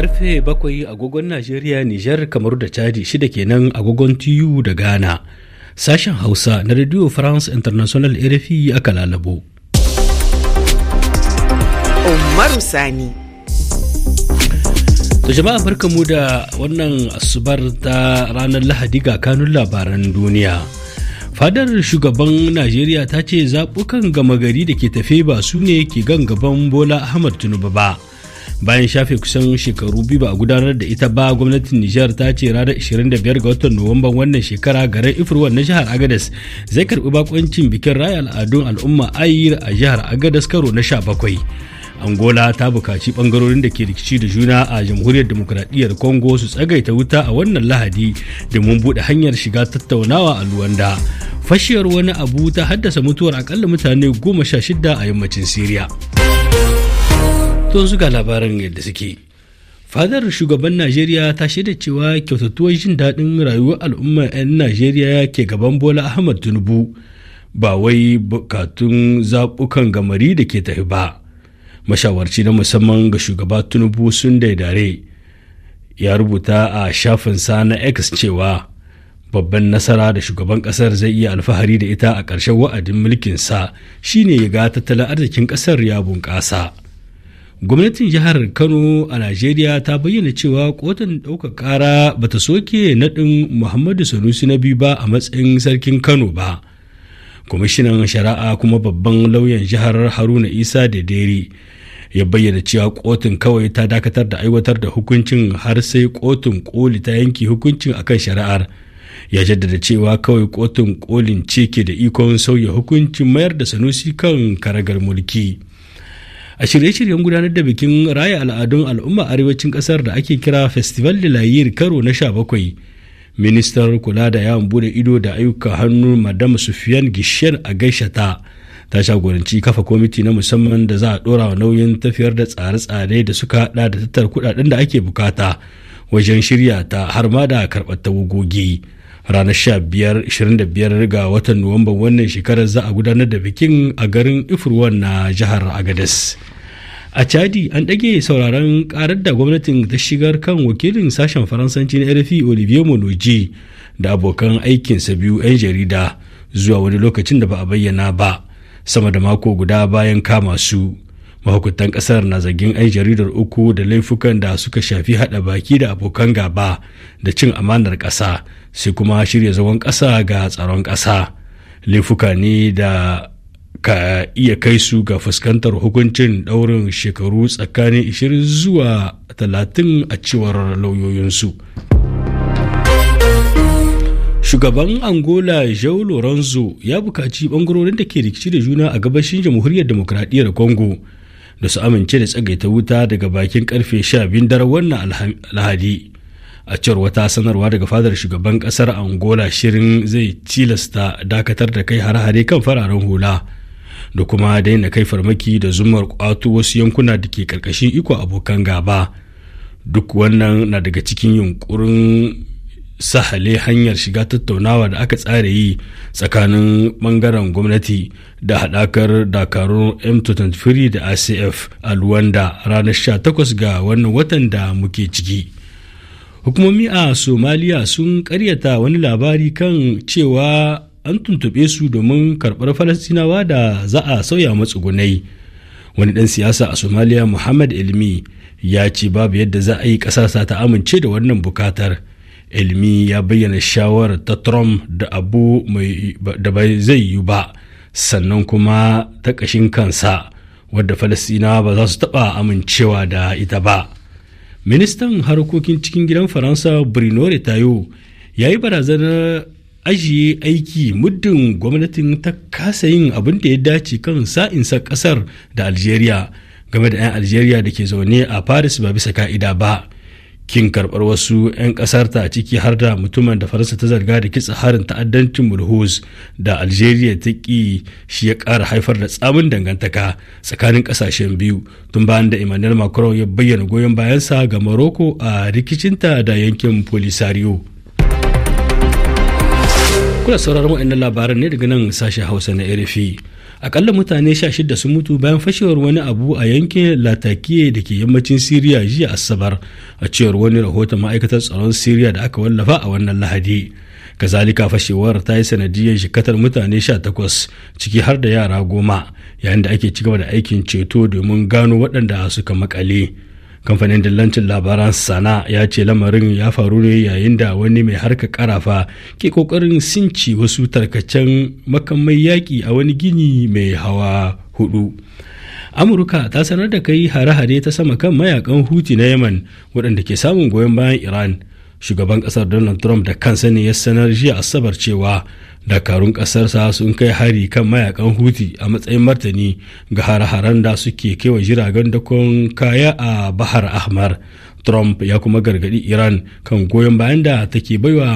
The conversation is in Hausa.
karfe bakwai agogon Najeriya, Nijar, kamar da Chadi shida kenan agogon TU da Ghana. Sashen Hausa na Radio France International RFI aka lalabo. Umaru Sani. To jama'a barkamu da wannan asubar ta ranar Lahadi ga kanun labaran duniya. Fadar shugaban Najeriya ta ce zaɓukan gama gari da ke tafe ba su ne ke gan gaban Bola Ahmad Tinubu ba. bayan shafe kusan shekaru biyu ba a gudanar da ita ba gwamnatin nijar ta ce ranar 25 ga watan nuwamban wannan shekara garin ifirwan na jihar agadas zai karbi bakoncin bikin raya al'adun al'umma ayir a jihar agadas karo na sha bakwai. angola ta bukaci bangarorin da ke rikici da juna a jamhuriyar demokradiyyar congo su tsagaita wuta a wannan lahadi domin buɗe hanyar shiga tattaunawa a luwanda fashiyar wani abu ta haddasa mutuwar akalla mutane goma sha shida a yammacin syria To suka yadda suke. Fadar shugaban Najeriya ta shaida cewa kyautatuwar jin daɗin rayuwar al'ummar 'yan Najeriya ke gaban Bola Ahmad Tinubu ba wai bukatun zaɓukan gamari da ke tafi ba. Mashawarci na musamman ga shugaba Tinubu sun daidare. Ya rubuta a shafin sa na X cewa babban nasara da shugaban ƙasar zai iya alfahari da ita a ƙarshen wa'adin mulkin sa shine ya ga tattalin arzikin ƙasar ya bunƙasa. gwamnatin jihar kano a najeriya ta bayyana cewa kotun ɗaukar ƙara ba ta soke naɗin muhammadu sanusi na biyu ba a matsayin sarkin kano ba kwamishinan shari'a kuma babban lauyan jihar haruna isa da deri ya bayyana cewa kotun kawai ta dakatar da aiwatar da hukuncin har sai kotun koli ta yanke hukuncin akan shari'ar ya jaddada cewa kawai kotun kolin ce ke da ikon sauya hukuncin mayar da sanusi kan karagar mulki. a shirye-shiryen gudanar da bikin raya al'adun al'umma arewacin kasar da ake kira festival de la karo na 17 ministar kula da yawon bude ido da ayyukan hannu madam sufiyan gishen a gaisha ta ta shagoranci kafa kwamiti na musamman da za a dora wa nauyin tafiyar da tsare-tsare da suka hada da tattar kudaden da ake bukata wajen shirya ta har ma da karɓar tawagogi. ranar 25 ga watan nuwamban wannan shekarar za a gudanar da bikin a garin ifirwan na jihar agadez a chadi an ɗage sauraron karar da gwamnatin ta shigar kan wakilin sashen faransanci na rfi olivier monoji da abokan aikinsa biyu 'yan jarida zuwa wani lokacin da ba a bayyana ba sama da mako guda bayan kama su mahukuntan ƙasar na zagin 'yan jaridar uku da laifukan da suka shafi haɗa baki da abokan gaba da cin amanar ƙasa sai kuma shirya zagon ƙasa ga tsaron ƙasa laifuka ne da ka iya kai su ga fuskantar hukuncin ɗaurin shekaru tsakanin 20 zuwa 30 a cewar lauyoyinsu. shugaban angola joe lorenzo ya bukaci ɓangarorin da ke rikici da juna a gabashin jamhuriyar demokradiyyar congo da su amince da tsagaita wuta daga bakin karfe 12 wannan alhadi a cewar wata sanarwa daga fadar shugaban kasar angola shirin zai cilasta dakatar da kai hare-hare kan fararen hula da kuma daina kai farmaki da zumar kwato wasu yankuna da ke karkashin iko abokan gaba duk wannan na daga cikin yunkurin sahale hanyar shiga tattaunawa da aka tsara yi tsakanin bangaren gwamnati da haɗakar dakarun m23 da acf a luwanda ranar 18 ga wannan watan da muke ciki hukumomi a somaliya sun karyata wani labari kan cewa an tuntuɓe su domin karɓar falastinawa da za a sauya matsugunai wani ɗan siyasa a somaliya muhammad elmi ya ce babu yadda za a yi ƙasasa ta amince da wannan bukatar elmi ya bayyana shawarar ta trump da abu da bai zai yi ba sannan kuma ta ƙashin kansa wadda falastinawa ba za su taɓa amincewa da ita ba ministan harkokin cikin gidan faransa bruno retayo ya yi barazanar ajiye aiki muddin gwamnatin ta kasa yin abin da ya dace kan sa'insa kasar da algeria game da 'yan algeria da ke zaune a paris ba bisa ka'ida ba kin karbar wasu 'yan kasar ta ciki har da mutumin da faransa ta zarga da kitsa harin ta'addancin mulhoz da algeria ta ki shi ya kara haifar da tsamin dangantaka tsakanin kasashen biyu tun bayan da emmanuel macron ya bayyana goyon bayansa ga morocco a rikicinta da yankin polisario kula sauraron waɗannan labaran ne daga nan sashen hausa na rfi akalla mutane 16 sun mutu bayan fashewar wani abu a yankin latakiya da ke yammacin siriya jiya asabar a cewar wani rahoton ma'aikatar tsaron siriya da aka wallafa a wannan lahadi kazalika fashewar ta yi sanadiyar shikatar mutane 18 ciki har da yara goma yayin da ake cigaba da aikin ceto domin gano waɗanda suka makale kamfanin dillancin labaran sana ya ce lamarin ya faru ne yayin da wani mai harka karafa ke kokarin sinci wasu tarkacen makamai yaƙi a wani gini mai hawa hudu amurka ta sanar da kai hare-hare ta sama kan mayakan huti na yaman waɗanda ke samun goyon bayan iran shugaban kasar donald trump da kansa ne ya sanar jiya asabar cewa dakarun kasarsa sun kai hari kan mayakan huti a matsayin martani ga hare-haren da suke kewa jiragen dakon kaya a bahar ahmar trump ya kuma gargadi iran kan goyon bayan da take baiwa